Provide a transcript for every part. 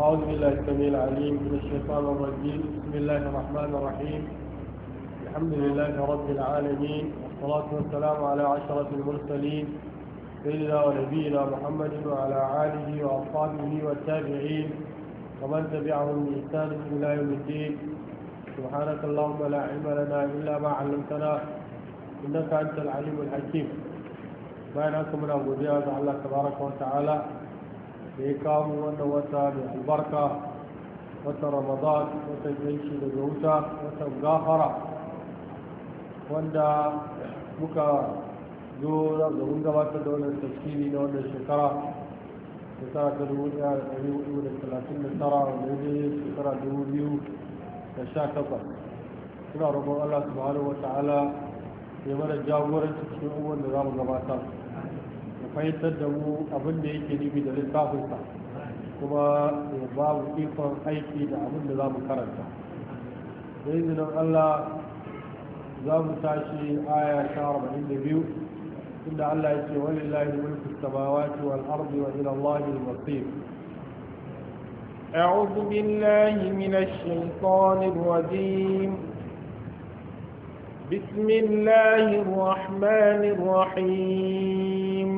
أعوذ بالله السميع العليم من الشيطان الرجيم بسم الله الرحمن الرحيم الحمد لله رب العالمين والصلاة والسلام على عشرة المرسلين سيدنا ونبينا محمد وعلى آله وأصحابه والتابعين ومن تبعهم بإحسان إلى يوم الدين سبحانك اللهم لا علم لنا إلا ما علمتنا إنك أنت العليم الحكيم بينكم من أبو الله تبارك وتعالى da ya kawo wannan wata da albarka wata ramadan wata yanki daga wuta wata gafara wanda muka zo da mun gabatar da wannan tafsiri na wannan shekara shekara ta dubu ɗaya da ɗari hudu da talatin da tara wanda ya je shekara dubu biyu da sha takwas suna roƙon allah subhanahu wa ta'ala ya mana jagoranci cikin abubuwan da za mu gabatar fahimtar da mu abin da yake nufi da littafinsa kuma ya ba mu ikon aiki da abin da za mu karanta da izinin allah za mu tashi aya ta arba'in da biyu inda allah ya ce walillahi mulku samawati wal ardi wa ila allahi al-masir أعوذ بالله من الشيطان الرجيم بسم الله الرحمن الرحيم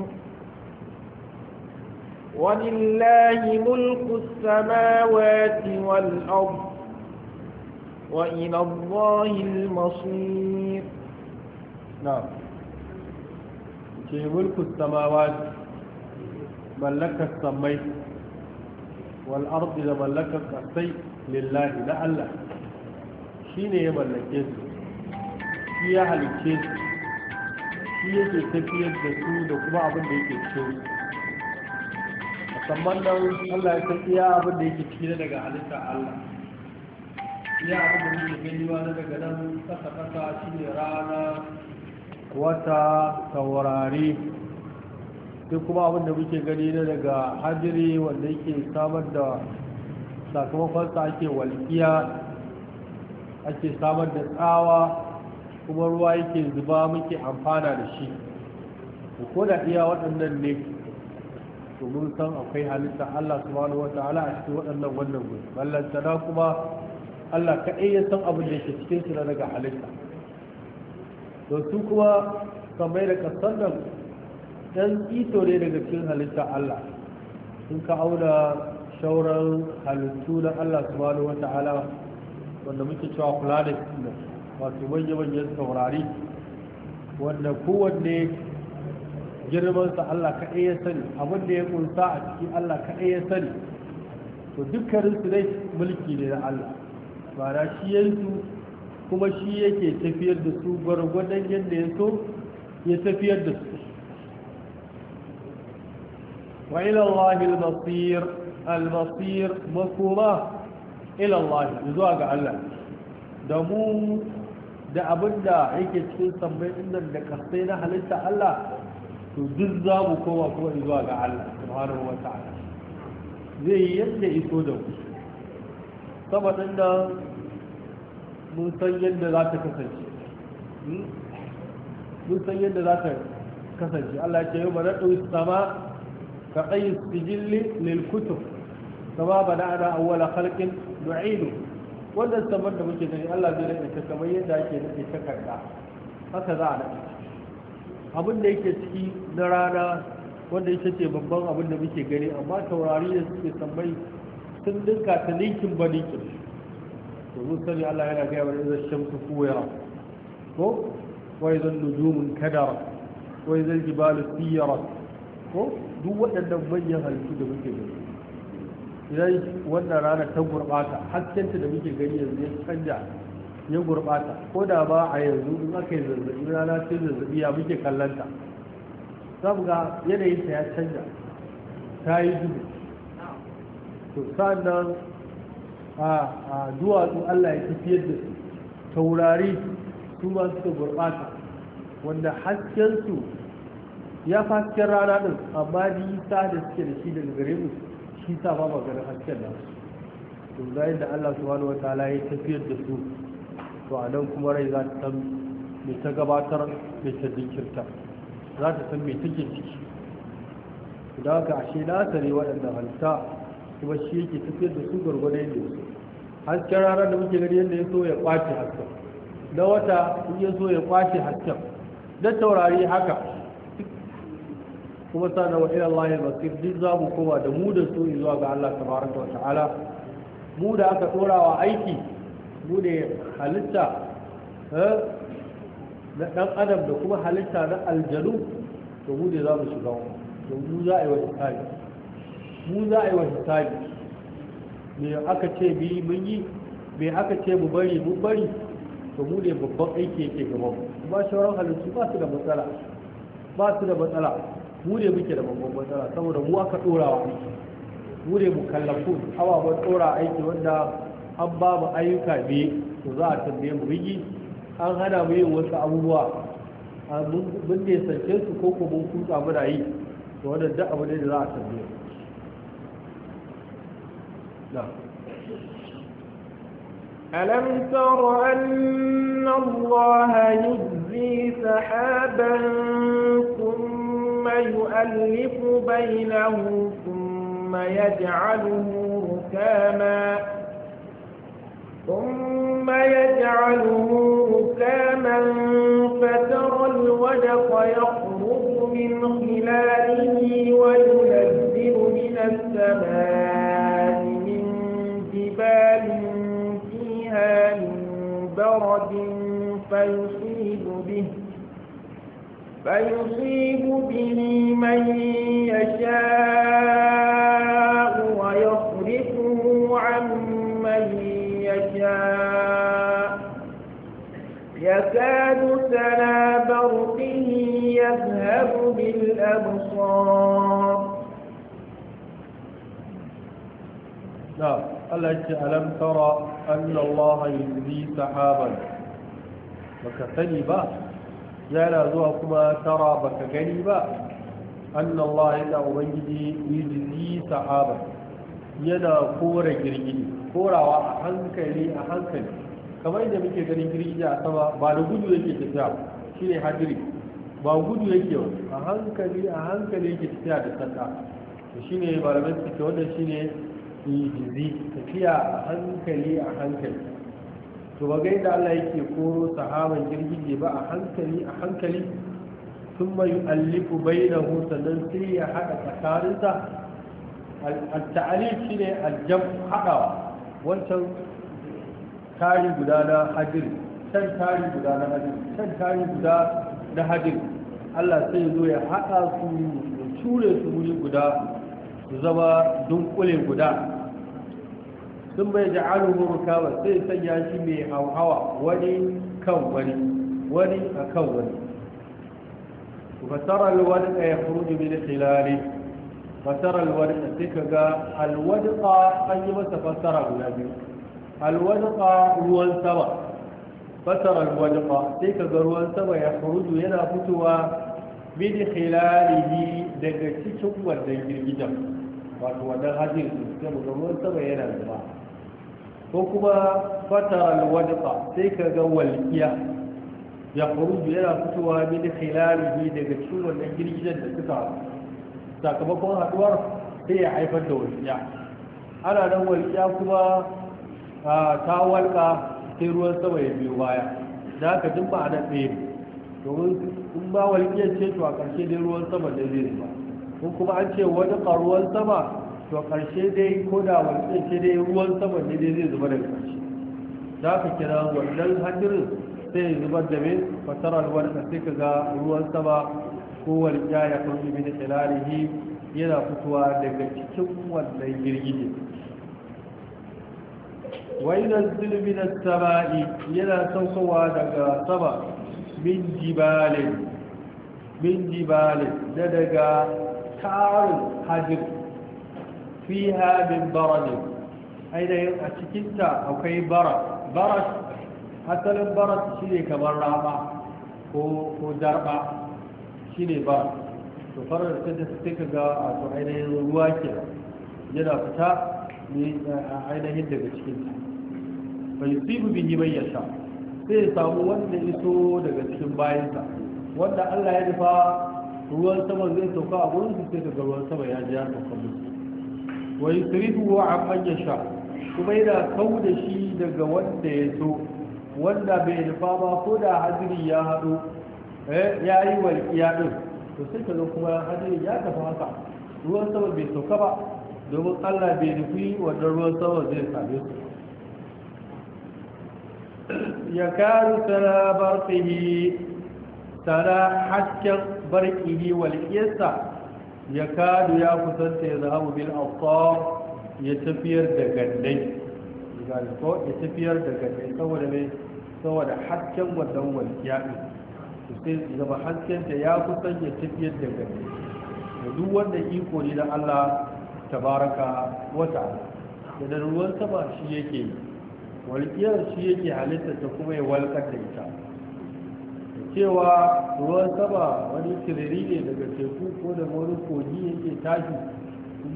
ولله ملك السماوات والأرض وإلى الله المصير نعم ملك السماوات ملك السمي والأرض إذا لملك السمي لله لا الله شين يملك shi ya halicce su shi yake tafiyar da su da kuma kamar da Allah ya san iya abin da yake ciki daga halitta Allah iya abin da yake gani na daga nan kasa kasa ne rana wata taurari sai kuma abin da muke gani na daga hajiri wanda yake samar da sakamakon sa ake walƙiya ake samar da tsawa kuma ruwa yake zuba muke amfana da shi ko da iya waɗannan ne to mun san akwai halitta Allah subhanahu wataala a cikin waɗannan wannan guri tana kuma Allah kaɗai ya san abin da yake cikin su na daga halitta to su kuma kamar da kasan nan ɗan ito ne daga cikin halitta Allah sun ka auna shauran halittu na Allah subhanahu wataala wanda muke cewa kula da su wato manya-manyan saurari wanda kowanne girmansa Allah ka ya sani abin da ya kunsa a cikin Allah ka ya sani to dukkanin su dai mulki ne na Allah bara shi yanzu kuma shi yake tafiyar da su gwargwadon yadda ya so ya tafiyar da su wa ila Allah al-masir al-masir makoma ila Allah zuwa ga Allah da mu da abin da yake cikin sammai nan da kasai na halitta Allah to duk za mu koma kuma zuwa ga Allah subhanahu wa ta'ala zai yadda iso da ku saboda da mun san yadda za ta kasance hmm? mun san yadda za ta kasance Allah ce yau ba na ɗauki sama ka tsayi sijilli lil kutub sama bada na ana awwala halkin du'idu wannan sabon da muke gani Allah zai rage ta kamar yadda ake nake takarda haka za a nake abin da yake ciki na rana wanda ya ce babban abin da muke gani amma taurari da suke tambayi sun dinka ta ninkin ba ninkin domin sani Allah yana gaya wani zai shamsu kuwa ko wai zan nujumun kadara wai zan jibalu siyara ko duk waɗannan manyan halittu da muke gani idan wannan rana ta gurɓata haskenta da muke gani yanzu ya canja ya gurbata ko da ba a yanzu in aka yi zazzabi rana sai zazzabi ya muke kallanta sabga yanayin ga yanayinta ya canja ta yi duhu to sannan a duwatsu allah ya tafiyar da taurari su ma suka gurbata wanda haskensu ya fi hasken rana ɗin amma nisa da suke da shi daga gare mu shi sa ba ganin hasken nasu to zai da allah subhanahu wa ta'ala ya tafiyar da su to a nan kuma rai za ta san mai ta gabatar mai ta jinkirta za ta san mai take ciki da haka ashe na tare waɗanda halitta kuma shi yake tafiye da su gwargwado yadda ya hasken ranar da muke gani yadda ya so ya kwace hasken na wata in ya so ya kwace hasken na taurari haka kuma na wa ila Allah al duk za mu koma da mu da su zuwa ga Allah tabaraka wa ta'ala mu da aka tsorawa wa aiki mu ne halitta na ɗan adam da kuma halitta na aljanu to mu ne za mu shiga to mu za a yi wa tsari mu za a yi wa tsari me aka ce bi mun yi me aka ce mu bari mun bari to mu ne babban aiki yake gaba kuma shawarar halittu ba su da matsala ba su da matsala mu ne muke da babban matsala saboda mu aka ɗora wa aiki mu ne mu kallafu ababen ɗora aiki wanda ba babu ayyuka biyu to za a tambaye mu rigi an hana mu yin wasu abubuwa mun ne sance su ko ko mun kutsa muna yi to wannan duk abu ne da za a tambaye na ألم تر أن الله يجزي سحابا ثم يؤلف بينه ثم يجعله ركاما ثم يجعله ركاما فترى الودق يخرج من خلاله وينزل من السماء من جبال فيها من برد فيصيب به فيصيب به من يشاء الأبصار نعم ألك ألم ترى أن الله يزري سحابا وكثنبا yana zuwa kuma tara baka gani ba annallah yana ubangiji yuzli yana kora girgidi korawa a hankali a hankali kamar yadda muke ganin girgidi a sama ba da gudu yake tafiya shine hadiri ba gudu yake ba a hankali a hankali yake tafiya da sanda to shine malamai su wanda wannan shine ijizi tafiya a hankali a hankali to ba gaida Allah yake koro sahaban girgije ba a hankali a hankali sun mai allifu bainahu don sai ya haɗa tsakaninsa alta'alif taalif shine aljam haɗawa wancan tari guda na hadir can tari guda na hadir can tari guda na hadir Allah sai zo ya haɗa su ya cure su wuri guda su zama dunkule guda sun bai ja'alu murkawa sai sanya shi mai hauhawa wani kan wani wani a kan wani fasarar wani wadda ya furuji min khilali fasarar wadda sai ka ga alwadda an yi masa fasara guda biyu alwadda ruwan sama fataral wajqa sai ka ruwan sama ya furuju yana fitowa min khilalihi daga cikin wannan girgijan wato wannan hajjin sai mu ga ruwan sama yana zuba ko kuma fataral wajqa sai ka ga walqiya ya furuju yana fitowa min khilalihi daga cikin wannan girgijan da suka sakamakon haduwar sai ya haifar da walqiya ana nan walqiya kuma ta walƙa sai ruwan sama ya biyo baya da haka duk ba ana ne domin in ba iya ce to a ƙarshe dai ruwan sama da zai zuba in kuma an ce wani ruwan sama to ƙarshe dai ko da walƙiyar ce dai ruwan sama ne dai zai zuba daga ƙarshe da ka kira wannan hadirin sai ya zubar da mai fasarar wani sai ka ga ruwan sama ko walƙiya ya kan ibi da yana fitowa daga cikin wannan girgije yana من السماء يلا سوسوا دغا سما من جبال من جبال دغا تار حجر فيها من برد اين اتكنتا akwai برد برد asalin barat shine kamar rama ko ko darba shine barat to farar da take ga a ainihin ruwa ke yana fita A ainihin daga cikinta bai tsibu bihi bai yasha sai ya samu wanda iso daga cikin bayansa wanda Allah ya nufa ruwan sama zai sauka a gurin su sai daga ruwan sama ya ji ya sauka musu wai sirifu wa amman sha kuma yana kau da shi daga wanda ya so wanda bai nufa ba ko da hadiri ya haɗo, eh, ya yi walƙiya ɗin to sai ka zo kuma hadiri ya tafi haka ruwan sama bai sauka ba domin allah bai nufi wadda ruwan sama zai same su ya karu sana barfihi sana hasken barkihi walƙiyarsa ya kadu ya kusanta ya zama bil afkar ya tafiyar da gandai ya tafiyar da gandai saboda mai saboda hasken wannan walƙiya ɗin sai zama haskenta ya kusan ya tafiyar da gandai da duk wanda iko ne na allah tabaraka wata da ruwan sama shi yake walƙiyar shi yake halitta ta kuma ya walƙar da ita cewa ruwan sama wani tiriri ne daga teku ko da wani kogi yake tashi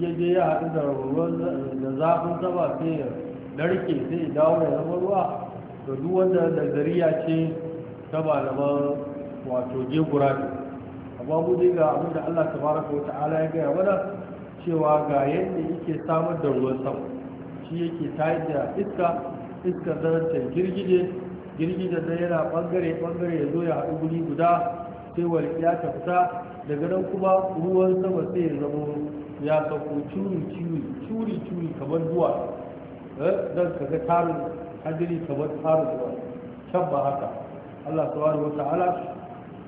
ya je ya haɗu da ruwan da zafin sama sai ya narke sai ya dawo ya zama ruwa da duk wanda zariya ce ta malaman wato jegura ne amma mu dai ga abin da Allah tabaraka wa ta'ala ya gaya mana cewa ga yadda yake samar da ruwan sama shi yake tayar da iska iska zarantar girgije girgije da yana bangare bangare ya zo ya haɗu guri guda sai ya ta fita daga nan kuma ruwan sama sai ya zama ya sauko curi curi curi curi kamar zuwa eh, don ka ga tarin hadiri kamar tarin ruwa can ba haka Allah subhanahu wa ta'ala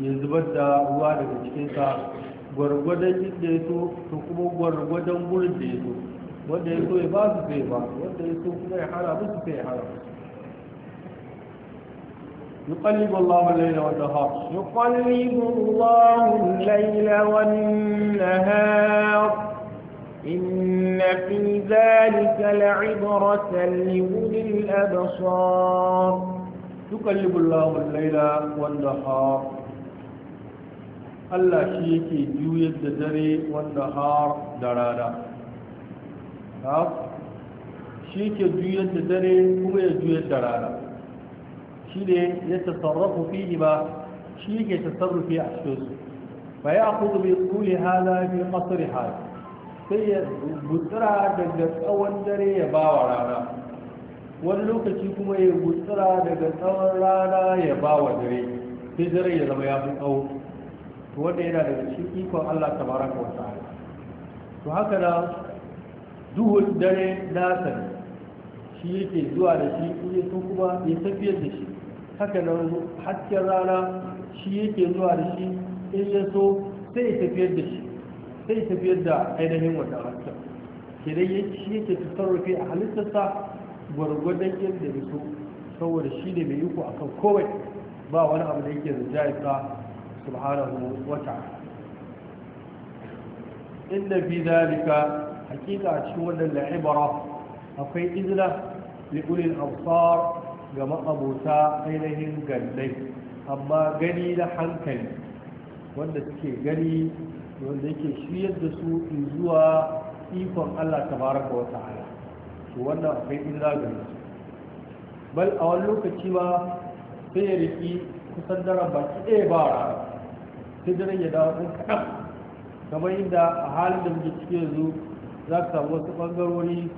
ya zubar da ruwa daga cikin cikinsa gwargwadon inda ya to kuma gwargwadon gurin da ya so wanda ya so ya ba su fai ba wanda ya so kuma ya hana musu sai ya hana musu يقلب الله الليل والنهار يقلب الله الليل والنهار إن في ذلك لعبرة لأولي الأبصار يقلب الله الليل والنهار Allah shi yake juyar da dare wanda har da rana shi ke juyar da dare kuma ya juyar da rana shi ne ya tasarrafu fihi ba shi ke tasarrufi a cikin su. fa ya kudu bi tsuli hala bi qasri hala sai ya gutsira daga tsawon dare ya ba wa rana wani lokaci kuma ya gutsira daga tsawon rana ya ba wa dare sai dare ya zama ya fi tsawo to wanda yana daga cikin ikon Allah tabaraka wa ta'ala to haka na duhun dare nasa shi yake zuwa da shi ne so kuma ya tafiyar da shi haka nan hasken rana shi yake zuwa da shi in ya so sai ya tafiyar da shi sai ya tafiyar da ainihin wata hasken ke dai shi yake tasarrufi a halittarsa gwargwadon yadda ya so saboda shi ne mai a akan kowai ba wani abu da yake rinjayarsa subhanahu wa ta'ala inna fi zalika a cikin wannan la'ibara akwai izina li ulil ga ma'abota ainihin gandai amma gani na hankali wanda suke gani wanda yake shiryar da su zuwa ikon Allah tabaraka wa ta'ala to wannan akwai izina ga su bal a wani lokaci ba sai ya riki kusan daren baki ɗaya ba sai daren ya dawo ɗan kaɗan kamar inda a halin da muke ciki yanzu za ka samu wasu ɓangarori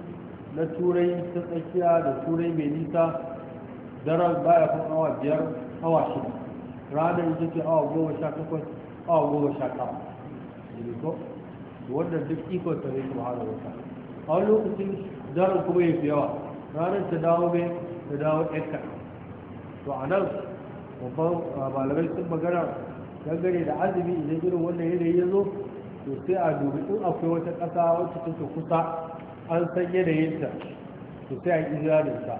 na turai ta tsakiya da turai mai nisa daren baya kan awa biyar awa shida ranar ita ce awa goma sha takwas awa goma sha tara wadda duk ikon ta ne kuma hana wata a wani lokacin daren kuma ya fi yawa ranar ta dawo mai ta dawo ɗan kaɗan to a nan babban ah, malamai sun magana dangane da azumi idan irin wannan yanayi ya zo to sai a dubi in akwai wata ƙasa wacce take kusa an san yanayinta to sai a yi ijirarinsa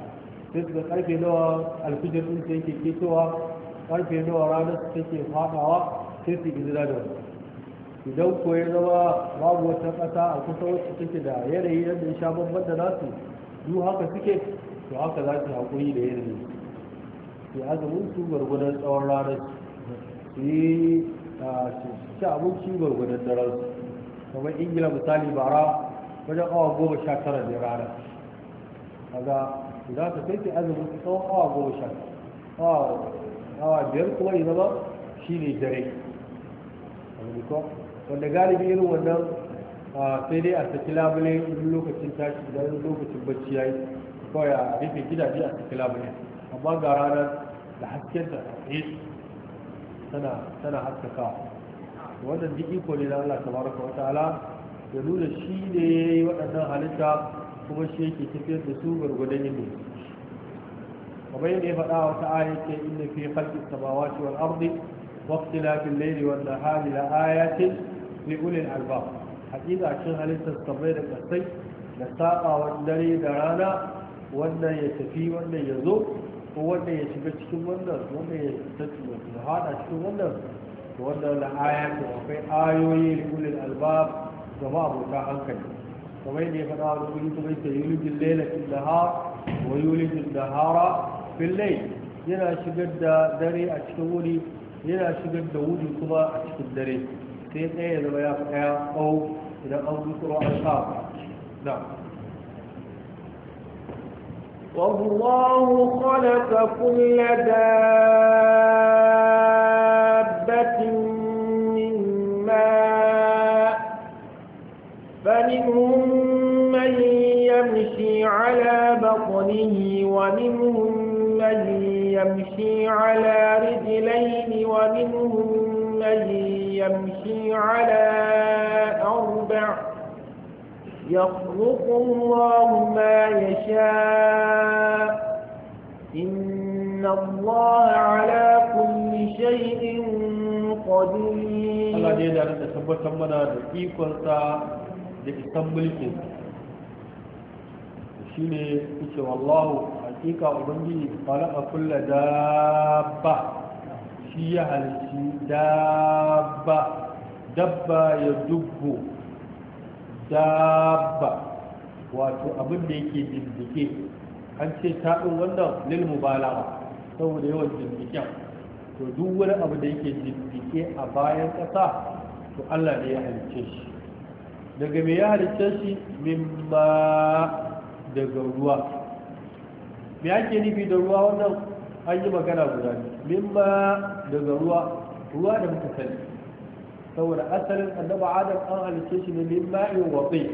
sai suka karfe nawa alfijir din sai yake ketowa karfe nawa ranar su take faɗawa sai su izira da wani idan ko ya zama babu wata ƙasa a kusa wacce take da yanayi yadda ya sha bambam da nasu duk haka suke to haka za su haƙuri da yanayi sai azumin su gwargwadon tsawon ranar su su yi ci abinci gwargwadon daren su kamar ingila misali bara wajen awa goma sha tara da rana kaga za ta kai ta azumin tsawon awa goma sha awa biyar kuma ya zama shi ne dare wanda galibi irin wannan sai dai a saki labule lokacin tashi da lokacin bacci ya yi kawai a rufe gidaje a saki labule amma ga ranar da haskenta a tana haskaka wannan duk iko ne na Allah tabaraka wa ta'ala ya nuna shi ne ya yi waɗannan halitta kuma shi yake tafiyar da su gwargwadon yin kamar yadda ya faɗa ta aya ce inna fi khalqis samawati wal ardi wa ikhtilafil layli wan nahari la ayatin li ulil albab hakika cin halittar samai da kasai da sabawan dare da rana wannan ya tafi wannan ya zo ko wanda ya shiga cikin wannan wanda ya su hada cikin wannan wanda la'aya ko wafai ayoyi da kulin albab ga ma'abuta hankali kamar yadda ya faɗa wa rukuni kuma yake yulijin laila fil dahar wa yulijin dahara fil layl yana shigar da dare a cikin wuri yana shigar da wuri kuma a cikin dare sai ɗaya zama ya fi ɗaya ɗau, idan an zuwa an sa na فالله خلق كل دابة من ماء فمنهم من يمشي على بطنه ومنهم من يمشي على رجلين ومنهم من يمشي على يخلق الله ما يشاء إن الله على كل شيء قدير الله جيدا أنت سبت منا في قرطة لكي تنبلك وشيني اسم خلق كل دابة شيئا لشي دابة دابة يدبه dabba wato abin da yake bindike an ce ta ɗin wannan lil mubalawa saboda yawan binciken to duk wani abu da yake bindike a bayan ƙasa to Allah ne ya halicce shi daga me ya halicce shi mimma daga ruwa me ake nufi da ruwa wannan an yi magana guda mimma daga ruwa ruwa da muka sani سورة أسل أنب عادم أهل الشيش للماء وطي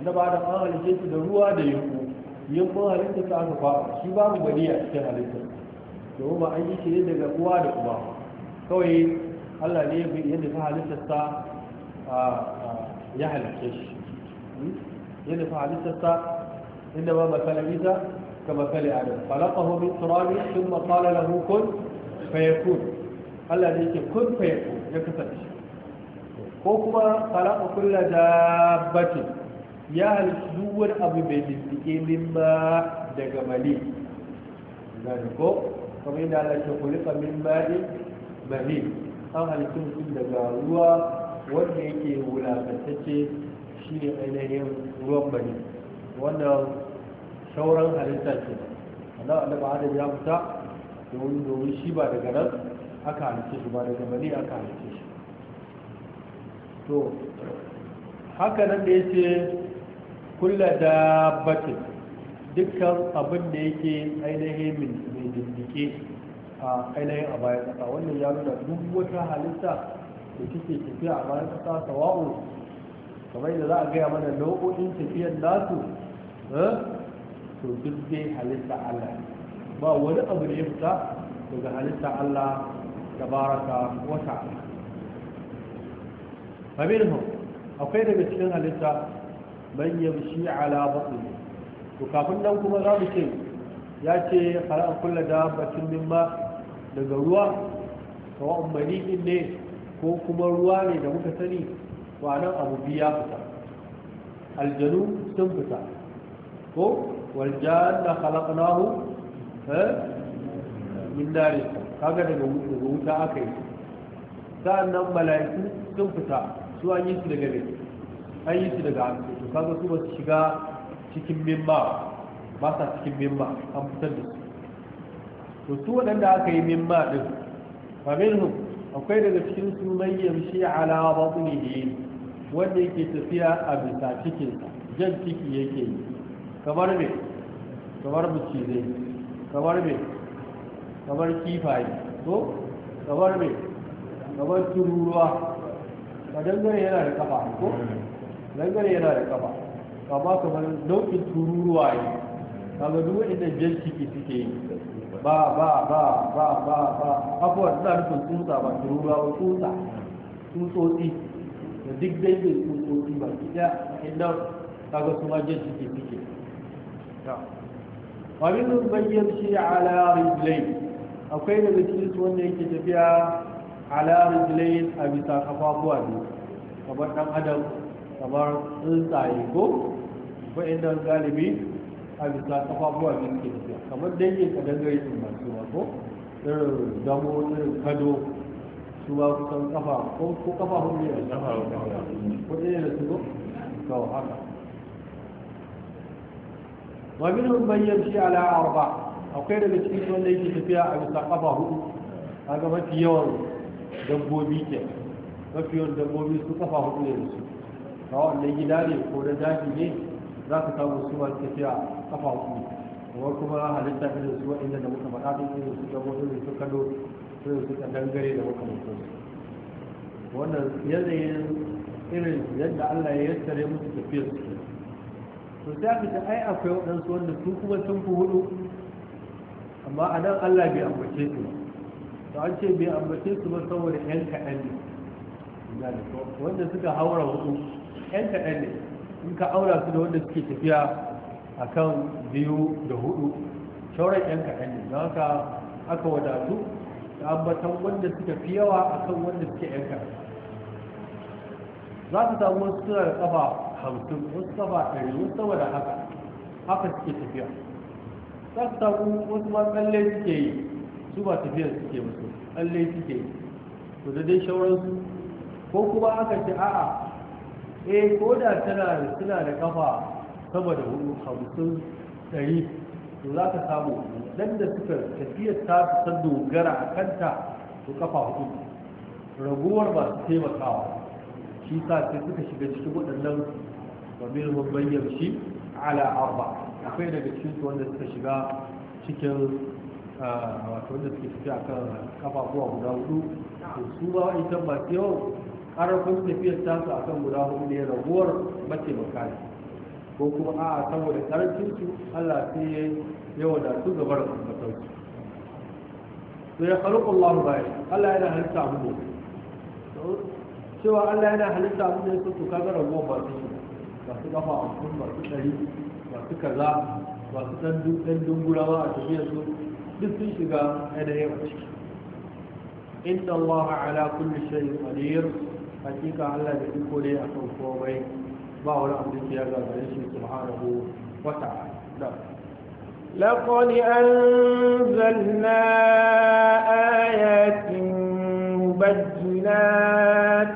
أنب عادم أهل الشيش للهوى ديهو يمقوها لنتك عن فاق شبا مبنية شهر لنتك فهما أي شيء يدك هو لقبا كوي ألا ليه يندفعها لنتك يحل الشيش يندفعها لنتك إنما مثل إذا كمثل آدم خلقه من تراب ثم قال له كن فيكون ألا ليه كن فيكون يكثر الشيش ko kuma khalaqa kulla dabbatin ya halittu duk wani abu mai diddike min ba daga mali zai ko kuma yana halittu kulika min ne mali an halittu mutum daga ruwa wanda yake wulakantacce shi ne ainihin ruwan mali wannan sauran halitta ce Allah wanda ba ya fita domin shi ba daga nan aka halittu shi ba daga mali aka halittu. to haka nan da yace kulla batin dukkan abin da yake ainihin mai dindike a ainihin a bayan kasa wannan ya nuna duk wata halitta da take tafiya a bayan kasa sawa'u kamar yadda za a gaya mana nau'o'in tafiyar nasu eh, to duk dai halitta Allah ba wani abu da ya fita daga halitta Allah da baraka wata faminhum akwai daga cikin halitta man yamshi ala batni to kafin nan kuma za mu ce ya ce khalaqa kullu dabbatin mimma daga ruwa sawa'un mani'in ne ko kuma ruwa ne da muka sani nan abu biya fita aljanu sun fita ko waljanna khalaqnahu min dare kaga daga wuta aka yi sa'annan mala'iku sun fita su an yi su daga ne an yi su daga hannu to kaga su ba su shiga cikin mimma ba sa cikin mimma an fitar da su to su waɗanda aka yi mimma ɗin fa minhum akwai daga cikin su mai yamshi ala yi. wanda yake tafiya a bisa cikinsa jan ciki yake yi kamar me kamar macizai kamar me kamar kifaye to kamar me kamar tururuwa ba dangare yana da kafa ko dangare yana da kafa kama kamar nau'in tururuwa ne kaga duk inda jan ciki suke yi ba ba ba ba ba ba abuwa suna nufin tsutsa ba tururuwa ba tsutsa tsutsotsi da duk daidai tsutsotsi ba ki ɗaya inda kaga su ma jan ciki suke ومنهم من يمشي على رجلين akwai daga cikin su wanda yake tafiya ala rijlain a bisa kafafuwa biyu kamar dan adam kamar tsuntsaye ko inda galibi a bisa kafafuwa biyu ke tafiya kamar dangin kadangare sun masu ko irin damo irin kado su ba kusan kafa ko ko kafa hudu ne kafa ko ne da su to haka wa minhum man shi ala arba akwai daga cikin wanda yake tafiya a bisa kafa hudu kaga mafi yawan dabbobi ke mafi yawan dabbobi su kafa hudu ne su a wannan gida ne ko na daji ne za ka samu su ba su tafiya kafa hudu kamar kuma halitta ne su inda da muka faɗa ɗin ne su dabbobi ne su kado irin su dangare da muka mutum wannan yanayin irin yadda Allah ya yassare musu tafiyar su to sai aka ce ai akwai waɗansu wanda su kuma sun fi hudu amma a nan Allah bai ambace su ba to an ce bai ambace su ba saboda yan kaɗan ne wanda suka haura hudu yan kaɗan ne in ka aura su da wanda suke tafiya a kan biyu da hudu shauran yan kaɗan ne don haka aka wadatu da ambatan wanda suka fi yawa a kan wanda suke yan kaɗan za su samu wasu suna da ƙafa hamsin wasu ƙafa ɗari wasu sama da haka haka suke tafiya za su samu wasu ma tsalle suke yi su ba tafiyar suke musu tsalle suke Su da dai shauransu ko kuma aka ce a'a eh ko da tana suna da kafa sama da hudu hamsin ɗari to za ka samu dan da suka tafiyar ta ta dogara a kanta su, kafa hudu raguwar su taimakawa shi sa sai suka shiga cikin waɗannan wamin shi a ala arba akwai daga cikin wanda suka shiga cikin wato wanda suke tafiya kan kafafuwa guda hudu to su ba ita ba yau karfin tafiyar tasu akan guda hudu ne raguwar mace makani ko kuma a saboda karancin su Allah sai ya yawa da su gabar ambatan su to ya khaluqa Allah ya Allah yana halitta mu ne cewa Allah yana halitta mu ne su kaga raguwar ba su ba su kafa amfani ba su dari ba su kaza ba su dan dungura ba a tafiyar su duk sun shiga ainihin a ciki inna Allah ala kulli shay'in qadir hakika Allah da iko ne akan komai ba wani abu da ya gagare shi subhanahu wa ta'ala لقد أنزلنا آيات مبينات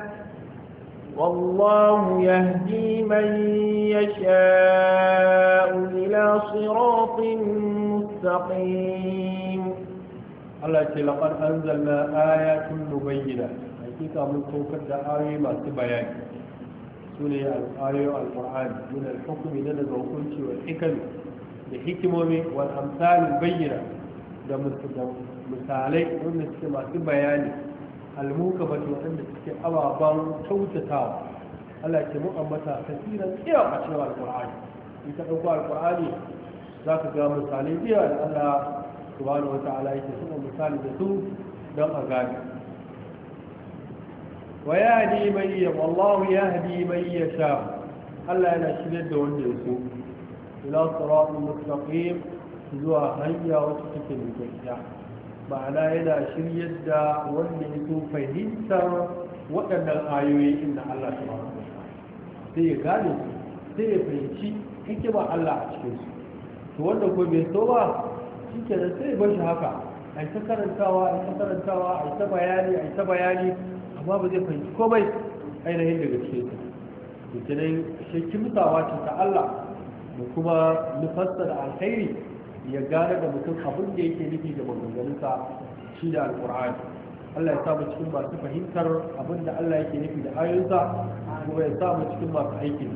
والله يهدي من يشاء إلى صراط مستقيم Allah ce laqad anzalna ayatin mubayyina hakika mun saukar da ayoyi masu bayani sune al-ayoyi al-Qur'an min al-hukmi daga hukunci wa hikami da hikimomi wal amsal bayyana. da misalai wanda suke masu bayani al-mukamatu wanda suke ababan kyautatawa Allah ce mu ambata kasiran tsiya a cikin al-Qur'ani in ka dauko al ga misalai biya da Allah subhanahu wa ta'ala yake suna misali da su don a gane wa ya yahdi man ya wallahu yahdi man yasha Allah yana shirya da wanda ya so ila siratul mustaqim zuwa hanya wacce take miƙaƙiya ma'ana yana shirye da wanda ya so fahimtar waɗannan ayoyi inda Allah subhanahu wa ta'ala sai ya gane su sai ya fahimci hikimar Allah a cikin su to wanda ko bai so ba shi da sai bar shi haka a ta karantawa a ta karantawa a ta bayani a ta bayani amma ba zai fahimci komai ainihin daga cikin ta kenan shi kimtawa ce ta Allah da kuma da alkhairi ya gane da mutum abin da yake nufi da maganganunsa shi da alkur'ani Allah ya samu cikin masu fahimtar abin da Allah yake nufi da ayoyinsa kuma ya samu cikin masu aikin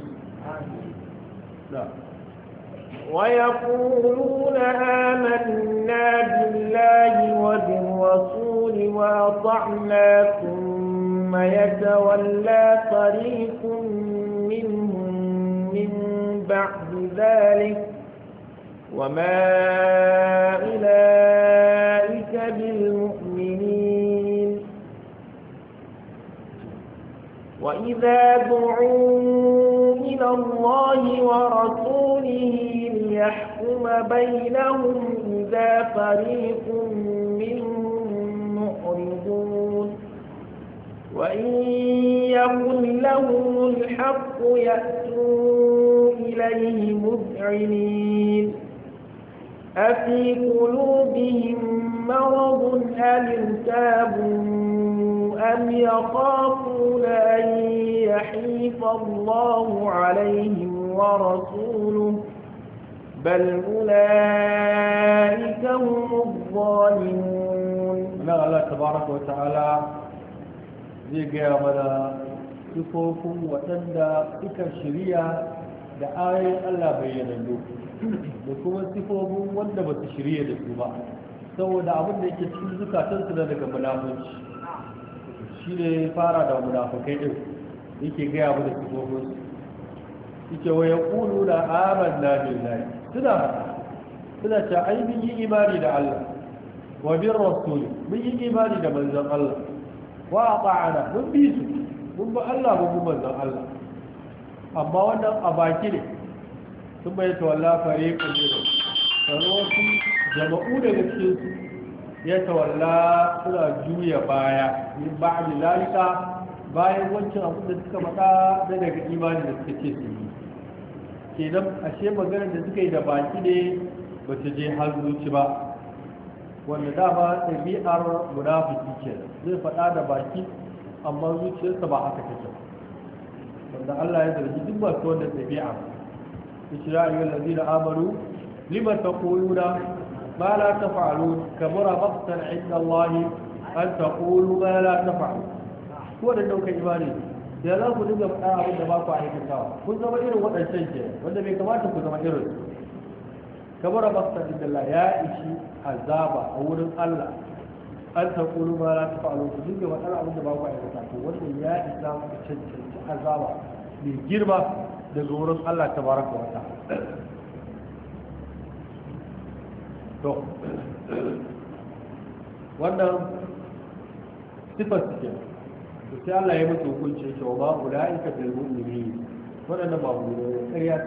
ويقولون آمنا بالله وبالرسول وأطعنا ثم يتولى فريق منهم من بعد ذلك وما أولئك بالمؤمنين وإذا دعوا إلى الله ورسوله يحكم بينهم إذا فريق منهم معرضون وإن يكن لهم الحق يأتوا إليه مذعنين أفي قلوبهم مرض أم ارتابوا أم يخافون أن يحيف الله عليهم ورسوله بل أولئك هم الظالمون لا الله تبارك وتعالى zai gaya mana sifofin waɗanda suka shirya da ayoyin Allah bayyanannu da kuma sifofin wanda ba su da ba saboda abin da yake cikin zukatansu na daga munafunci shi ne fara da munafukai ɗin yake gaya mana sifofinsu yake wa ya kulu na amanna suna suna ce ai mun yi imani da Allah wa bin rasuli mun yi imani da manzon Allah wa ata'ana mun bi su mun ba Allah ba mun manzon Allah amma wannan a baki ne sun bai tawalla fariqun minhum sarwasu jama'u daga cikin su ya tawalla suna juya baya min ba'di lalika bayan wancan abin da suka faɗa daga imani da suke cikin kenan ashe maganar da suka yi da baki ne ba ta je har zuci ba wanda dama ɗabi'ar munafiki ke zai faɗa da baki amma zuciyarsa ba haka take wanda Allah ya zargi duk masu wannan ɗabi'a ishira ayyuhal ladina amaru liman taquluna ma la taf'alun kamara maqtan 'inda Allah an taqulu ma la taf'alun ko da daukar imani da za ku dinga faɗa abin da ba ku aikatawa kun zama irin waɗancan ke wanda bai kamata ku zama irin kamar masa Allah ya ishi azaba a wurin Allah an ta kulu ma ta tafalu ku dinga faɗa abin da ba ku aikatawa wanda ya isa ku cancanci azaba mai girma daga wurin Allah ta wa wata. to wannan sifar su kenan to sai Allah ya mutu hukunci cewa ba ku la'ika bil ne wadanda ba ku da ƙarya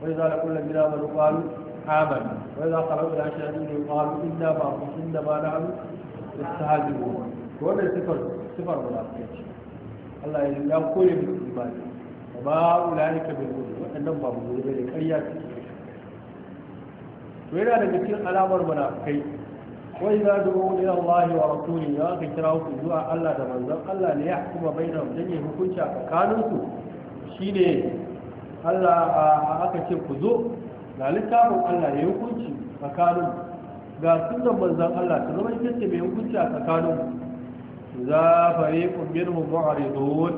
wai za la kullu ba man qalu amanna wai za qara'u da shahidin qalu inna ba ku inna ba na'u ko wannan sifar sifar munafiqai Allah ya ya koye musu imani ba ulaika bil mu'minin wadannan ba ku da ƙarya to yana daga cikin alamar munafikai وإذا kira إلى الله ورسوله يا كتراو كجوا الله ده منزل الله ليحكم بينهم دنيا hukunta tsakaninsu shine Allah aka ce ku zo ga littafin Allah ya hukunci tsakanin ga sunan manzon Allah ta zama ita ce mai hukunci a tsakanin za fare ku minhum mu'ridun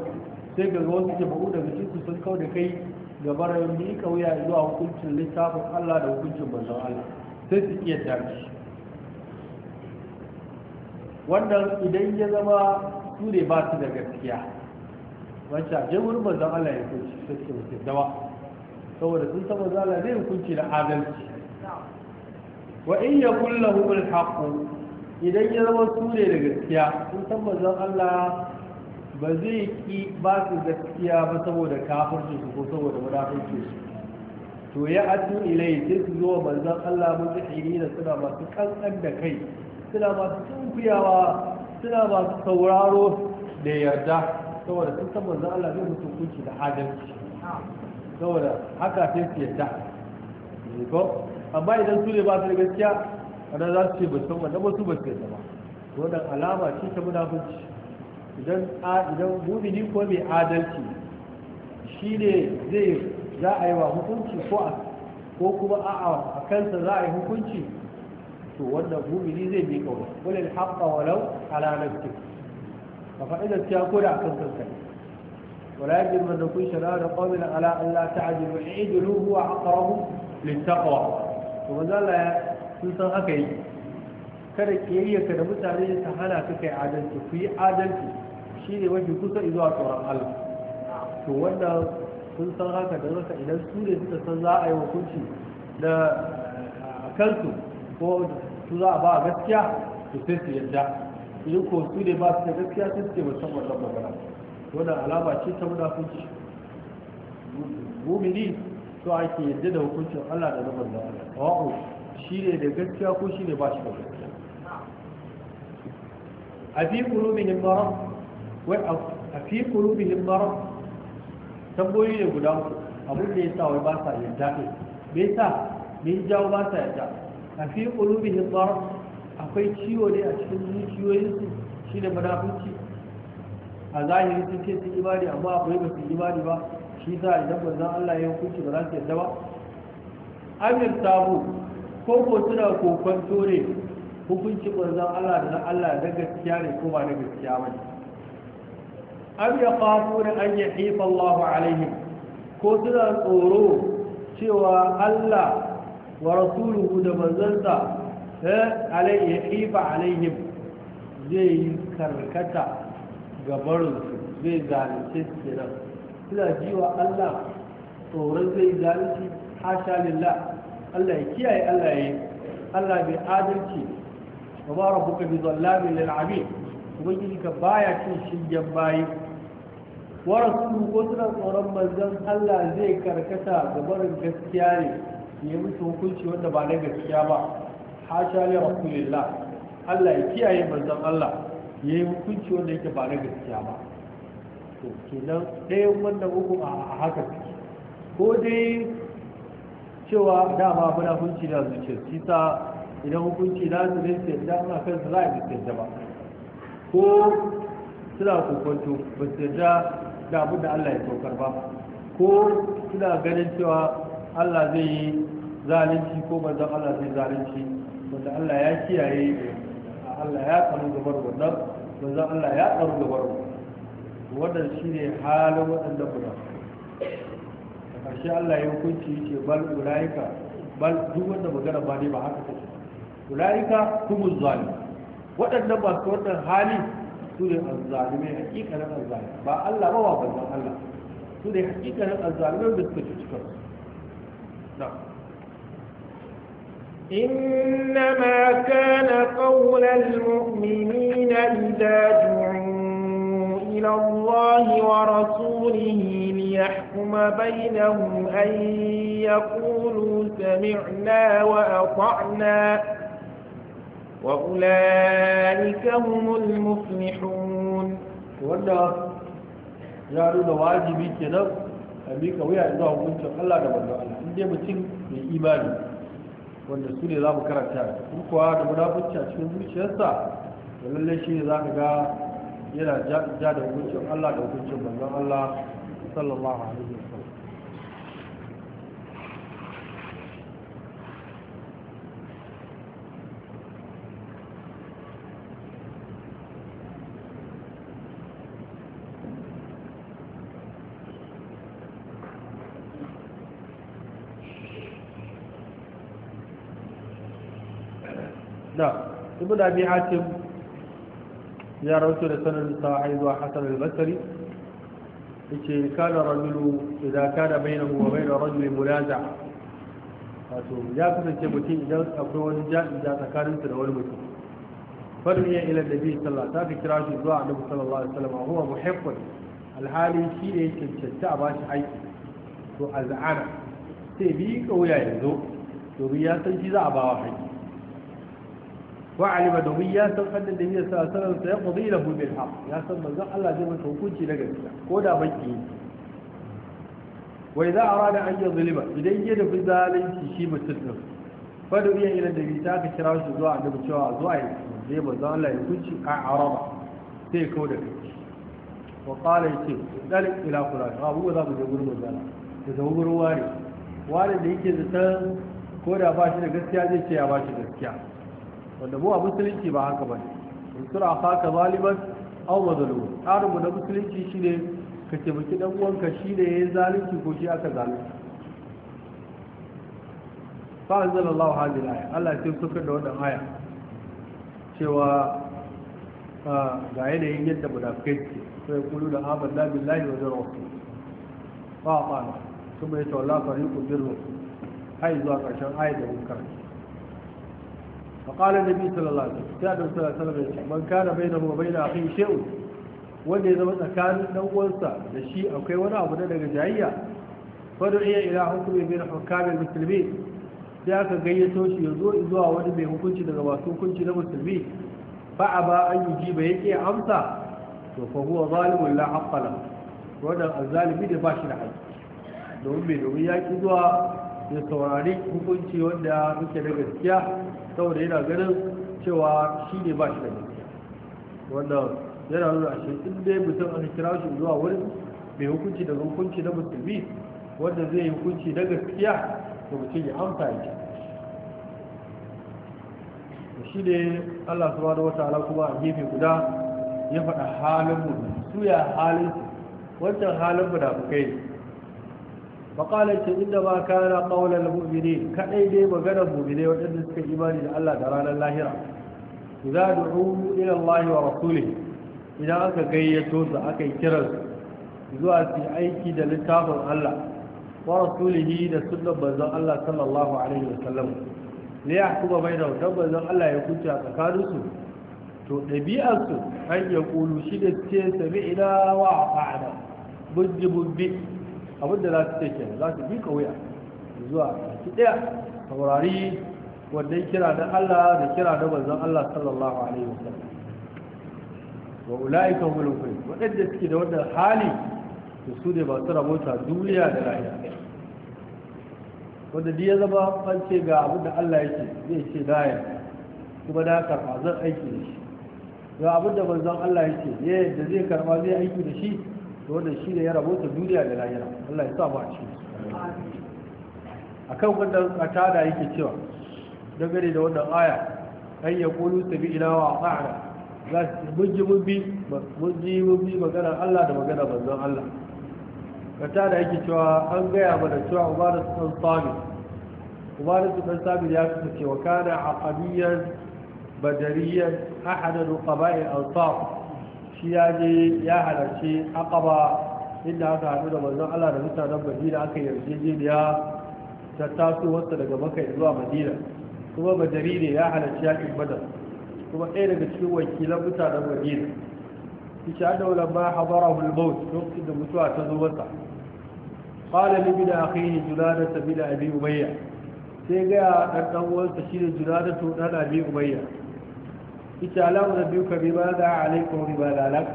sai ga wasu ke ba'u daga cikin sun kau da kai gabar mika wuya zuwa hukuncin littafin Allah da hukuncin manzon Allah sai su iya tashi wannan idan ya zama su ne ba su da gaskiya wancan je wurin manzon Allah ya kunci sai mutum dawa saboda sun san manzon Allah zai hukunci da adalci wa in yakul lahum al-haqq idan ya zama su ne da gaskiya sun san manzon Allah ba zai ki ba su gaskiya ba saboda kafirci su ko saboda munafurci su to ya addu ilai sai su zo manzon Allah mutahiri da suna masu kankan da kai suna masu sunkuyawa suna masu sauraro da yarda saboda sun san manzon Allah zai mutu kunci da adalci saboda haka sai su yarda eh, ko amma idan su ne ba su da gaskiya ana za su ce ba san wanda wasu ba su yarda ba wannan alama ce ta munafunci idan idan mumini ko mai adalci shi ne zai za a yi wa hukunci ko kuma a'a a kansa za a yi hukunci to wannan mumini zai bi kawo wala alhaqqa walau ala nafsi fa fa'ida ta ko da kan kanka wala yajib man yakun sharara qawlan ala an la ta'dilu i'dilu huwa aqrabu littaqwa to manzo Allah sun san haka yi kada ka da mutane ta hana ka kai adalci ku yi adalci shine wajen kusa zuwa tsoron Allah to wanda sun san haka da zaka idan su ne suka san za a yi hukunci da kansu ko su za a ba gaskiya su sai su yadda in ko su ne ba su ta gaskiya sai su ce ba san wannan magana wannan alama ce ta munafunci mumini to ake yadda da hukuncin Allah da na da Allah wa'u shi ne da gaskiya ko shi ne ba shi da gaskiya a fi qulubihim marad a fi qulubihim marad tamboyi ne guda uku abin da ya sa wai ba sa yadda ne me yasa me jawo ba sa yadda a fi qulubihim ba akwai ciwo ne a cikin zuciyoyinsu da munafunci a zahiri sun ce sun imani amma akwai ba su imani ba shi za a idan zan Allah ya hukunci ba za su yadda ba amin sabu ko ko suna kokonto ne hukunci manzon Allah da na Allah da gaskiya ne ko ba na gaskiya ba ne am ya kafu da an yi hifa Allah alaihim ko suna tsoro cewa Allah wa rasuluhu da manzansa ya kifa alaihim zai yi karkata ga zai zalunce su kenan suna wa allah tsoron zai zalunci hasha lillah allah ya kiyaye allah ya yi allah bai adalci wa ba ka bi zallamin lil abid ubangiji ka baya cin shigen bayi wa rasuluhu ko suna tsoron manzan allah zai karkata gabarin gaskiya ne ya mutu hukunci wanda ba na gaskiya ba sha li rasulillah Allah ya kiyaye manzon Allah ya yi hukunci wanda yake ba na gaskiya ba to kenan ɗayan wannan hukun a haka ko dai cewa dama muna hukunci da zuciya shi sa idan hukunci na su ne sai da ana kan za a yi sai ba ko suna kokonto ba su da da abin da Allah ya saukar ba ko suna ganin cewa Allah zai yi zalunci ko zan Allah zai zalunci wanda Allah ya kiyaye a Allah ya tsaro gabar wannan zan Allah ya tsaro gabar wannan shine halin waɗanda kuna a ƙarshe Allah ya hukunci ce bal ulaika bal duk wanda magana ba ne ba haka take ulaika kuma zalim waɗannan masu wannan hali su ne azzalimai hakikanin azzalimai ba Allah ba wa zan Allah su ne hakikanin azzalimai da suka cuci نعم. إنما كان قول المؤمنين إذا دعوا إلى الله ورسوله ليحكم بينهم أن يقولوا سمعنا وأطعنا وأولئك هم المفلحون وأنا يا رب واجبي كده أبيك ويا إذا كنت الله sai mutum mai imani wanda su ne za mu karanta in kuwa da munafunci a cikin zuciyarsa da lallai shi ne za ka ga yana ja da hukuncin Allah da hukuncin manzon Allah sallallahu alaihi da ibn abi hatim ya rawaito da sanar sa haizuwa hasan al-basri yace kana rajulu idan kana bainahu wa bain rajuli mulaza wato ya kasance mutum idan akwai wani ja'i da tsakaninsa da wani mutum فرمي إلى النبي صلى الله عليه وسلم كراش الدعاء النبي صلى الله عليه وسلم وهو محق الحالي شيء يتشتع باش حي وأزعنا سيبيك ويا يزو وبيا تنجز أبا وحي wa'aliba domin ya san hannun da ya sa sanar sa ya kudi lahu ya san manzon Allah zai masa hukunci na gaskiya ko da baki wa idza arada an yuzliba idan ya da zalunci shi mutum fa da iya ila da bita ka kira shi zuwa da cewa zuwa ya zai manzon Allah ya hukunci a araba sai ko da kai wa qala yace dal ila qurani ha huwa da bujur manzon da zaurin ware ware da yake zata ko da ba da gaskiya zai ce ya ba gaskiya wanda mu a musulunci ba haka ba musulun a haka zaliban aw mazlum tsarinmu na musulunci shi ne ka taimaki ɗan uwanka shi ne ya yi zalunci ko shi aka zalunci fa anzalallahu hadhihi na aya Allah sai suka da wannan aya cewa ah, ga yanayin yadda munafikai suke sai kulu da amanna billahi wa rasul fa qala kuma yatawalla fariqun minhum hay zuwa karshen ayat da muka karanta فقال النبي صلى الله عليه وسلم كان صلى الله عليه وسلم من كان بينه وبين أخيه شيء wanda ya zama tsakanin dan uwansa da shi akwai wani abu da daga jayayya fadu iya ila hukumi bin hukamin musulmi sai aka gayyato shi ya zo zuwa wani mai hukunci daga masu hukunci na musulmi ba a ba an yi jiba yake amsa to fa huwa zalimun la haqqala wannan azzalimi da ba shi da haƙƙi domin mai domin ya ki zuwa ya saurari hukunci wanda muke da gaskiya saboda yana ganin cewa shi ne ba shi da gaskiya wannan yana nuna a shi in dai mutum aka kira shi zuwa wurin mai hukunci daga hukunci na musulmi wanda zai yi hukunci na gaskiya da mutum ya amsa ya shi ne Allah wata wataala kuma a gefe guda ya faɗa halin mu su ya halin wancan halin munafukai ne faƙalar ce inda ma kana ƙaunar ne, kaɗai dai maganar mu'mini waɗanda suka imani da Allah da ranar lahira idza du'u ila Allah wa rasulih idan aka gayyato su aka yi kiransu zuwa su aiki da littafin Allah wa rasulihi da sunnan manzon Allah sallallahu alaihi wa sallam ne ya kuma bai da wutar manzon Allah ya kuce tsakaninsu to ɗabi'arsu an ya da ce sami ina a mun ji mun bi abinda da za su teke za su jika wuya zuwa ki ɗaya saurari ya kira don Allah da kira da wanzan Allah sallallahu alaihi wasallam wa ulaika humul muflihun waɗanda suke da wannan hali da su ne masu rabota duniya da lahira wanda ya zama an ce ga abin da Allah yake zai ce daya kuma da karba zan aiki da shi ga abin da manzon Allah yake yayin da zai karba zai aiki da shi da wannan shi ne ya rabota duniya da lahira Allah ya sa mu a ciki akan wannan katada yake cewa dangane da wannan aya an ya kulu tabi ila wa ta'ala za su mun ji mun bi mun ji mun bi magana Allah da magana manzon Allah katada yake cewa an gaya mana cewa ubara sun sami ubara sun sami ya kasance wa kana aqabiyan badariyan ahadan qaba'i ansar shi ya je ya halarci aqaba inda aka haɗu da manzon Allah da mutanen Madina aka yarjejeniya ta taso wasta daga Makka zuwa Madina kuma Badari ne ya halarci yakin Badar kuma ɗaya daga cikin wakilan mutanen Madina kici a daular ma habarahu al-maut lokacin da mutuwa ta zo masa qala li bi akhihi junadata bi abi umayya sai ga dan dan uwansa shine to dan abi umayya ita alamu na biyu ka ba za a alaikun riba lalak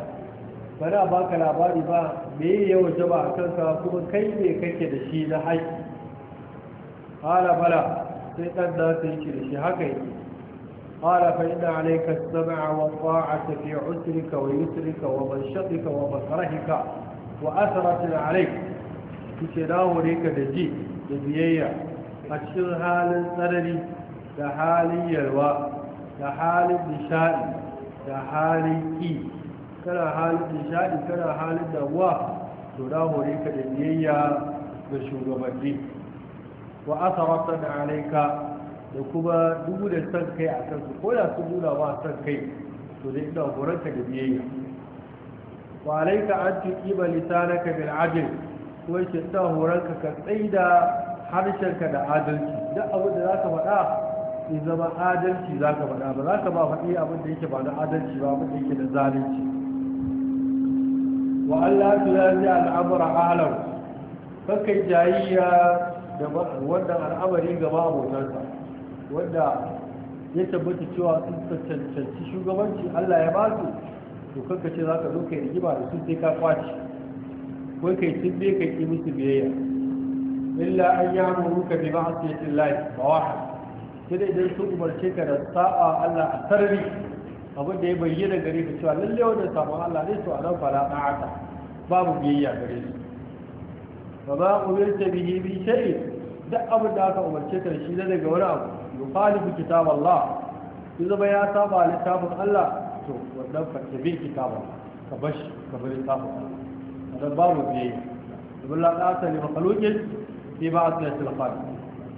ba na labari ba me ya waje jaba a kansa kuma kai ne kake da shi na haiki hala bala sai ɗan na sai shi da shi haka yi hala fa ina alaika sama'a wa ta'ata fi usrika wa yusrika wa manshatika wa makarahika wa asaratin alaik kike na hore ka da ji da biyayya a cikin halin tsanani da halin yalwa da halin nishadi da halin ki kada halin nishadi kada halin wa to na hore ka da biyayya ga shugabanni wa asaratan alayka da kuma dubu da san kai a kansu ko da su nuna ma san kai to da ina ka da biyayya wa alayka an kiba lisanaka bil adl ko shi ta horonka ka tsaida harshenka da adalci duk abin da ka faɗa in zama adalci za ka faɗa ba za ka ba faɗi abin yake ba na adalci ba abin yake da zalunci wa Allah ta lalzi al'amura alam kakka jayiya da wannan al'amari gaba abokansa wanda ya tabbata cewa sun cancanci shugabanci Allah ya ba su to kakka ce za ka zo kai rigima da su sai ka kwace ko kai tun bai kai ki musu biyayya illa an yi amuru bi ma'asiyatin lahi ba wahal sai dai idan sun umarce ka da sa'a Allah a sarari abin da ya bayyana gare ka cewa lalle wanda samu Allah ne to a nan fara da'ata babu biyayya gare shi fa ba ku ta bihi bi shay'in duk abin da aka umarce ka shi daga wani abu yukhalifu kitab Allah in zama ya saba littafin Allah to wannan fatabin kitabun ka bashi ka bari littafin Allah dan babu biyayya domin la ta'ata li makhluqin fi ba'd al-khaliq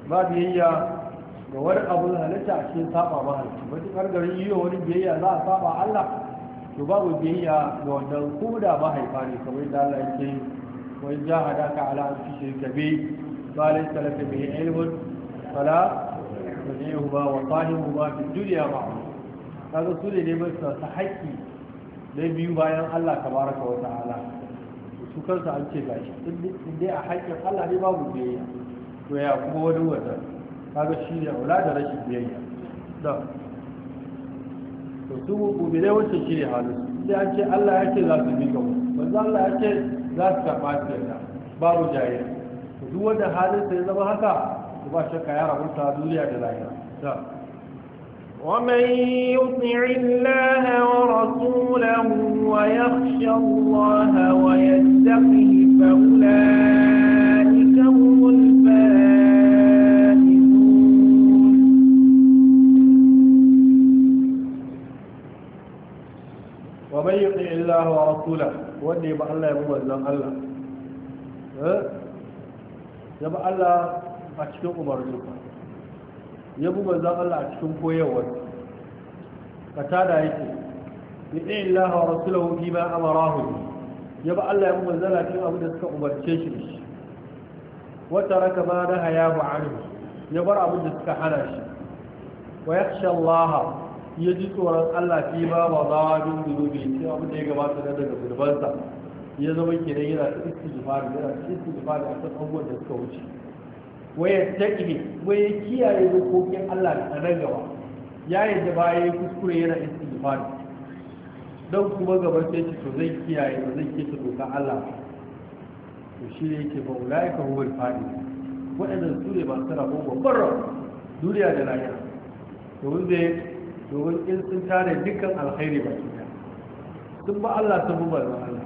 ba biyayya ga wani abun halitta a cikin saba ba halitta wani ɓangaren yi wa wani biyayya za a saba Allah to babu biyayya ga wannan ko da mahaifa ne kamar da Allah yake wa in jahadaka ala an tushrika bi ma laysa laka bihi ilmun fala tuṭi'huma wa sahibhuma fi dunya Ta kaga su ne neman su ta haƙƙi na biyu bayan Allah baraka wa ta'ala su kansa an ce gashi in dai a haƙƙin Allah ne babu biyayya to ya kuma wani wannan kaga shi ne aula da rashin biyayya da to su mu'minai wacce shi ne halin sai an ce Allah ya ce za su bi ga wanzu Allah ya ce za su karɓa su yarda babu jayayya duk wanda halin sai zama haka to ba shakka ya rabunta duniya da lahira da ومن يطع الله ورسوله ويخشى الله ويتقه فأولئك yuti Allah wa rasula wanda ya ba Allah ya bi manzon Allah eh? ya ba Allah a cikin umarni ya bi manzon Allah a cikin koyarwa ka tada yake yuti Allah wa rasulahu bima amarahu ya ba Allah ya bi manzon Allah cikin abu da suka umarce shi wata raka ma na hayahu anhu ya bar abin da suka hana shi wa yakhsha Allah ya ji tsoron Allah fi ba wa zawa bin zunubi sai abu da ya gabata na daga zurbansa ya zama kenan yana ta istighfar yana ta istighfar a kan abubuwan da suka wuce waya taƙi waya kiyaye dokokin Allah a nan gaba ya da baya ya kuskure yana istighfar don kuma gaba sai ce to zai kiyaye ba zai keta doka Allah to shi ne yake ba ulaika huwal fadi waɗannan su ne masu rabo babbar duniya da lahira domin zai domin in sun tare dukkan alkhairi ba kita sun ba Allah sun bubar ba Allah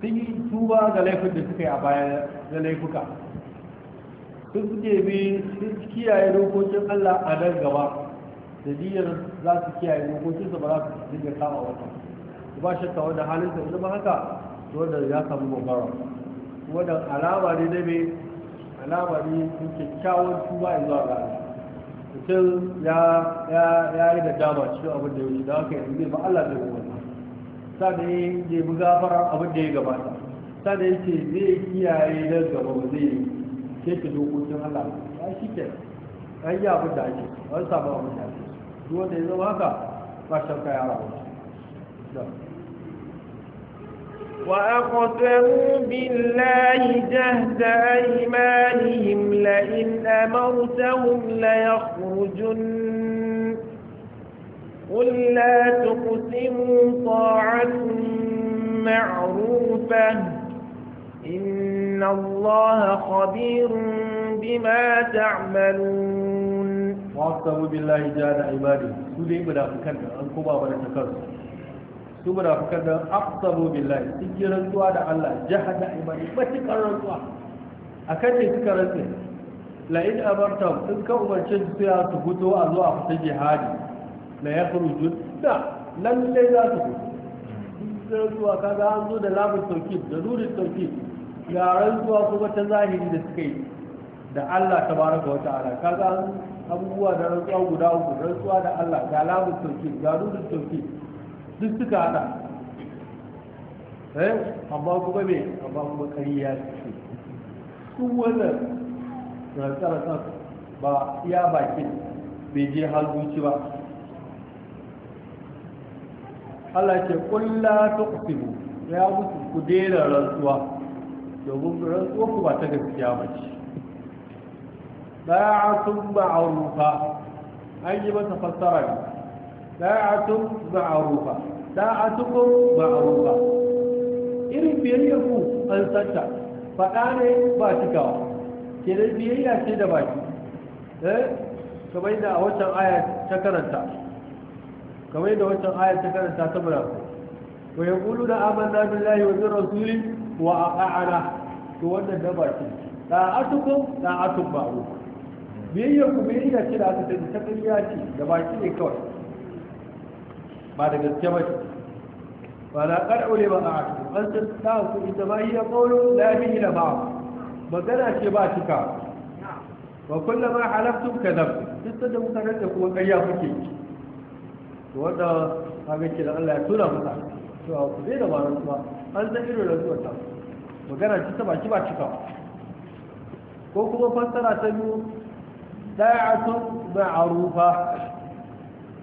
sun yi tuba ga laifin da suka yi a baya da laifuka sun suke bi sun kiyaye dokokin Allah a nan gaba da diyar za su kiyaye dokokin su ba za su dinga kama wata ba shakka wanda halin sa zama haka to wanda ya samu mabara wadda alama ne na mai alama ne sun kyakkyawan tuba zuwa ga Allah mutum ya yi da dama cikin abin da ya wuce da haka yanzu zai ba Allah zai sa da ya yi bi gafara abin da ya gabata da ya ce zai kiyaye na gaba ba zai yi keke dokokin Allah ya shi ke an yi abin da ake an samu abin da ake duk wanda ya zama haka ba shan kaya rawa وأقسموا بالله جهد أيمانهم لئن أمرتهم ليخرجن قل لا تقسموا طاعة معروفة إن الله خبير بما تعملون وأقسموا بالله جهد أيمانهم سليم لكن أنكم ولا تكرم su munafikan da aqsamu billahi sun yi rantsuwa da Allah jahada imani matukar rantsuwa akan ne suka rantsu la in amarta sun ka umarce su ya su fito a zuwa fita jihadi la yakhrujun da lalle za su fito rantsuwa kaga an zo da labar sauki da nurin sauki ga rantsuwa kuma ta zahiri da suka yi da Allah tabaraka wa ta'ala kaga abubuwa da rantsuwa guda uku rantsuwa da Allah ga labar sauki ga nurin sauki duk suka hada eh amma kuma me amma kuma ƙarya ce su wannan rantsarantsan ba iya bakin bai je har ba Allah ce kulla ta kusimu ya mutu ku dera rantsuwa domin rantsuwa ku ba ta gaskiya ba ce ba'a sun ma'arufa an yi masa fassara ne da'atun ma'rufa da'atukum ma'rufa irin biyayya ku an santa faɗa ne ba cikawa ke da biyayya ce da baki eh kamar yadda a wancan aya ta karanta kamar yadda wancan aya ta karanta ta murafu wa yaqulu da amanna billahi wa bi rasuli wa a'ana, to wannan da baki da'atukum da'atun ma'rufa biyayya ku biyayya ce da aka sani ta kariya ce da baki ne kawai ba da gaske ba ba la qar'u ba a an san ta su ita ba hiya qawlu la bihi la ba magana ce ba cika Ba wa kullama halaftum kadab duk da kuka da kuma ƙarya kuke to wanda kaga ce da Allah ya tura masa to ku zai da baran kuma an san irin rantsuwar ta magana ce ta baki ba cika ko kuma fassara ta biyu da'atun ma'arufa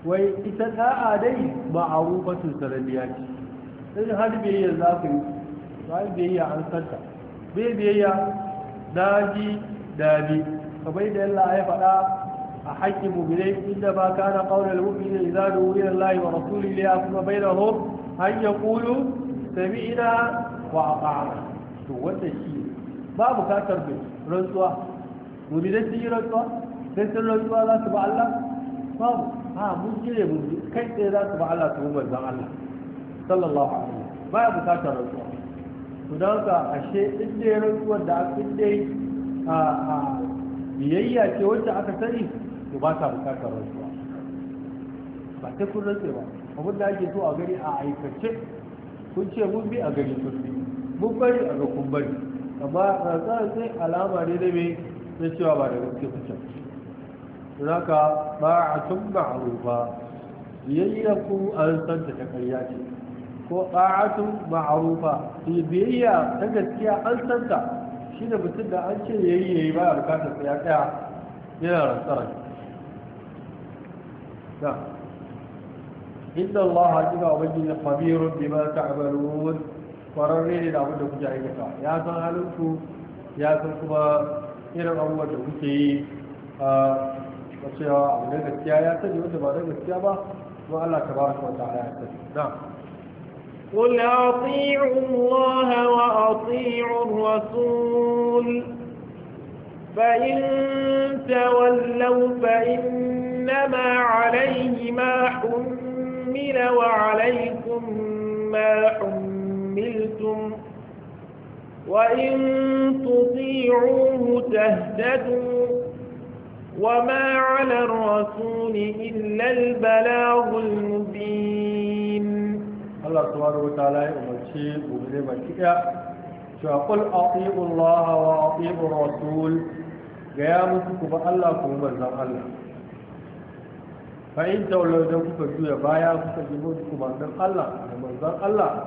wai ita da'a dai ba a rufatun sarabiya ce sai har biyayya za ku yi ba biyayya an sarta bai biyayya daji dabi kamar da yalla ya faɗa a haƙƙin mu'minai inda ba ka kana qaulul mu'mini idza du'a ila Allah wa bai da yakuna bainahum an sami ina wa ƙara. to wanda shi ba bukatar bai rantsuwa mu'minai sun yi rantsuwa sai sun rantsuwa za su ba Allah babu ha mun cire mun kai tsaye za su ba Allah su mun zan Allah sallallahu alaihi wasallam baya bukatar rantsuwa to dan ka ashe inda dai rantsuwar da aka dai a a biyayya ce wacce aka sani to ba ta bukatar rantsuwa ba ta kun rantse ba abin da ake so a gari a aikace kun ce mun bi a gari kun bi mun bari a ga kun bari amma rantsar sai alama ne na mai na cewa ba da gaske kuce هناك طاعة معروفة ييكم أنسان تتكيات طاعة معروفة في ta تجسكي أنسان تتكيات shi da mutum da an ce ya yi ya yi ba a ya tsaya yana rantsara. na inda Allah hakika wa bajin da ta'malun abin da kuke aikata ya san halinku ya san kuma irin abubuwan da kuke yi ah, قل أطيعوا الله وأطيعوا الرسول فإن تولوا فإنما عليه ما حمل وعليكم ما حملتم وإن تطيعوه تهتدوا وما على الرسول إلا البلاغ المبين الله سبحانه وتعالى يمشي وبرمتك فقل أطيعوا الله وأطيعوا الرسول قيامتك فالله كما الله فإن تولوا إذا كنت جوا بايا كنت جمودكم عن الله ومن الله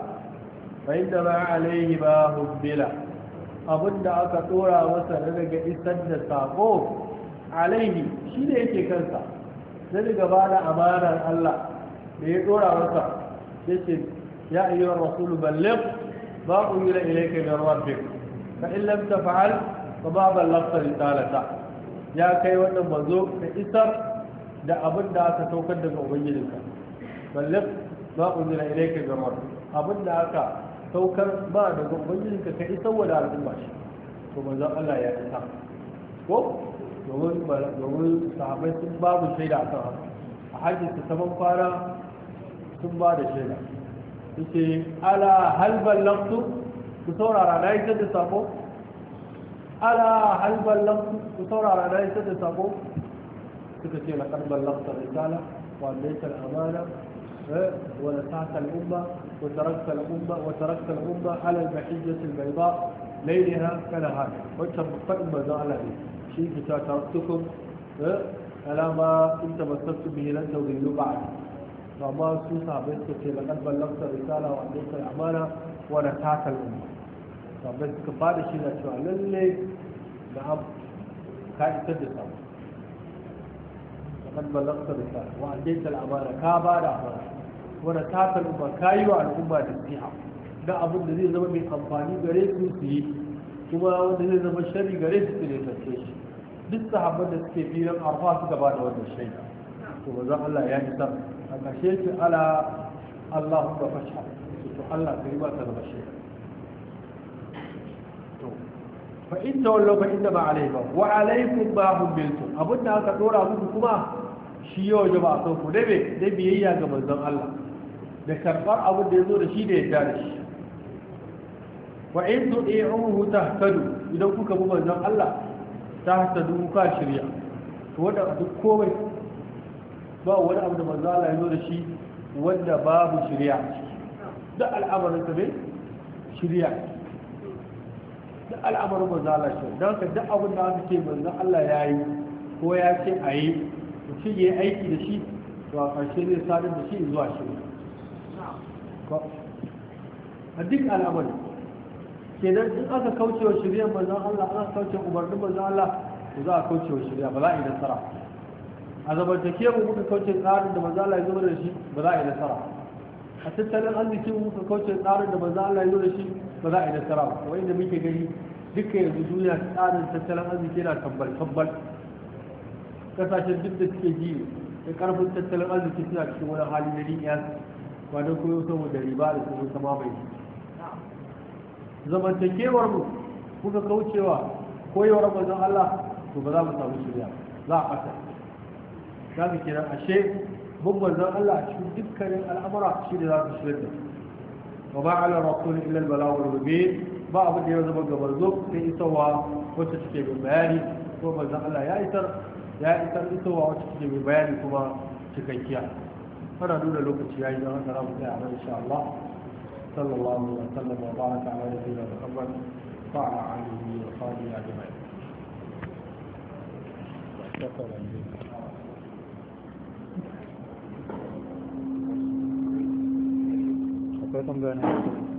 فإنما عليه ما هبلا أبدا أكتورا وسنرق إسد ساقوه alaihi shi ne yake kansa sai gaba da amanar Allah da ya dora masa sai ce ya ayyuha rasul balligh ma unzila ilayka min rabbik fa in lam taf'al fa ma ballaghta risalata ya kai wannan manzo ka isar da abin da aka saukar daga ubangijinka balligh ma unzila ilayka min ruwan, abin da aka saukar ba daga ubangijinka ka isar wa da al'umma shi to manzon Allah ya isa ko domin sahabai sun babu shaida a kan a hajji su saman fara sun ba da shaida su ce ala halban lamsu ku saurara na yi da sako ala halban lamsu ku saurara na yi da sako suka ce na karban lamsa risala wanda yake amana ونسعت الأمة وتركت الأمة وتركت الأمة على المحجة البيضاء ليلها كنهارها وانت مطمئن ما شيء تعطفكم ألا ما إن تمسكت به لن تضلوا بعد فما سوسع بيتك لقد بلغت الرسالة وأديت الأمانة ونفعت الأمة فبيتك بعد شيء لا تعلن لي نعم كائن تدفع لقد بلغت الرسالة وأديت الأمانة كابا دعوانا ونفعت الأمة كايوة Ka تسيحة da abin da zai zama mai amfani gare su su yi kuma wanda zai zama shari gare su su ne shi duk sahabban da suke filin arfa suka ba da wannan shaida to wajen Allah ya yi san a kashe ki ala Allah ka fasha to Allah ka yi ba ta da shaida to fa in tawallu fa inna ma alayka wa alaykum ma hum biltum abinda aka dora muku kuma shi yau da ba san ku dabe da biyayya ga manzon Allah da karbar abin da yazo da shi da yadda da shi wa in tu'i'uhu tahtadu idan kuka bi manzon Allah ta hasa duka shirya to wanda duk komai ba wani abu da manzo Allah ya zo da shi wanda babu shirya duk al'amarin sa bai shirya duk al'amarin manzo Allah shi dan ka duk abin da aka ce manzo Allah ya yi ko ya ce a yi mutum ya yi aiki da shi to a ƙarshe zai sadar da shi zuwa a duk al'amarin kenan in aka kauce wa shirya manzon Allah aka kauce umarnin manzon Allah to za a kauce wa shirya ba za a yi nasara a zamantakiyar mu muka kauce tsarin da manzon Allah ya zama da shi ba za a yi nasara a tattalin arzikin mu muka kauce tsarin da manzon Allah ya zama da shi ba za a yi nasara ba wanda muke gani duka yanzu duniya tsarin tattalin arziki yana tambal tambal kasashen duk da suke ji da karfin tattalin arziki suna cikin wani hali na riƙiya ba kuma koyo saboda riba da kuma sama mai zamantakewar mu kuka kaucewa koyewar manzon Allah to ba za mu samu shirya za a fata za mu kira ashe mun manzon Allah cikin dukkanin al'amura shi da za su shirya wa ba ala rasul illa al balagh mubin ba abu da ya zama ga manzo sai isowa wacce take bin bayani ko manzon Allah ya isar ya isar isowa wacce take bin bayani kuma cikakkiya Kana nuna lokaci yayi don haka za mu tsaya a nan insha Allah صلى الله عليه وسلم وبارك على نبينا محمد وعلى اله وصحبه اجمعين. akwai